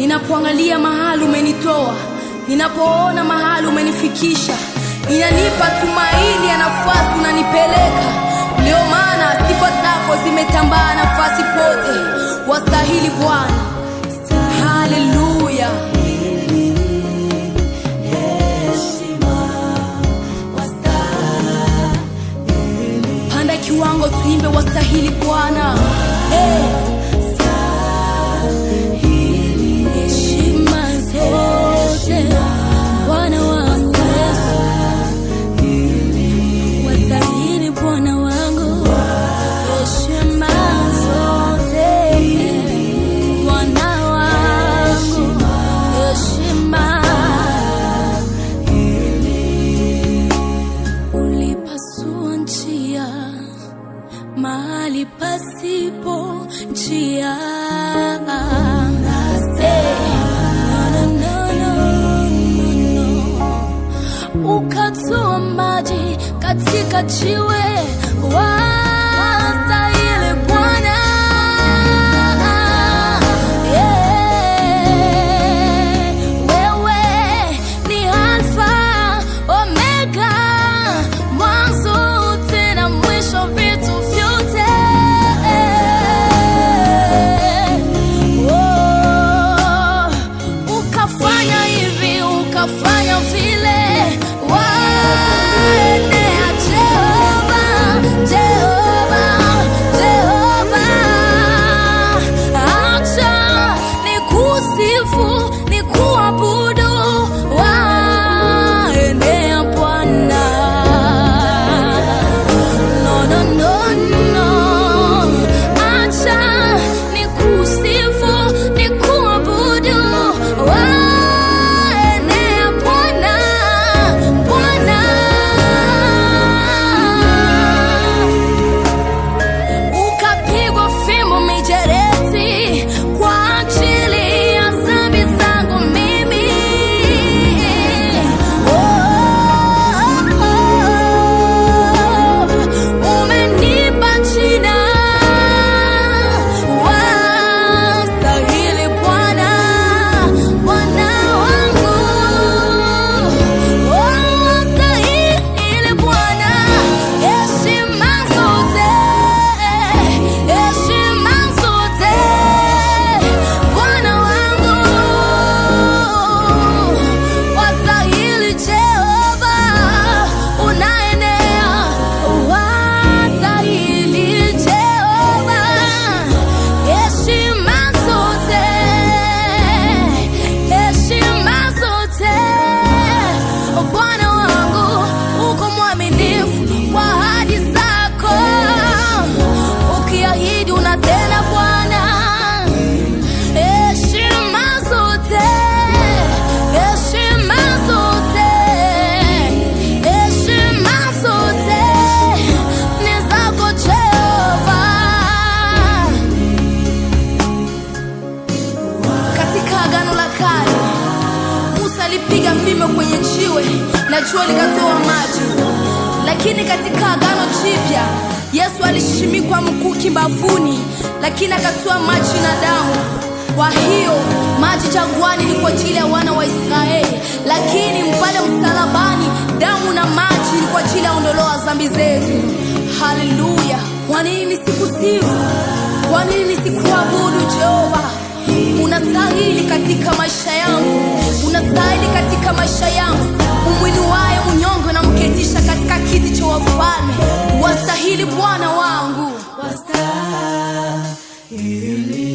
ninapoangalia mahali umenitoa, ninapoona mahali umenifikisha, inanipa tumaini ya nafasi unanipeleka. Ndio maana sifa zako zimetambaa nafasi pote. Wastahili Bwana, haleluya. Panda kiwango, tuimbe wastahili Bwana, hey. pasipo njia ukatoa maji katika jiwe beautiful. mbinguni na jua likatoa maji. Lakini katika Agano Jipya Yesu alishimikwa mkuki mbavuni, lakini akatoa maji na damu. Kwa hiyo maji jangwani ni kwa ajili ya wana wa Israeli, lakini mpale msalabani damu na maji ni kwa ajili ya ondoloa dhambi zetu. Haleluya! Kwa nini kwanini Kwa nini nisikuabudu Jehova? Unastahili katika maisha yangu, unastahili katika maisha yangu. wafalme wastahili Bwana wangu, wastahili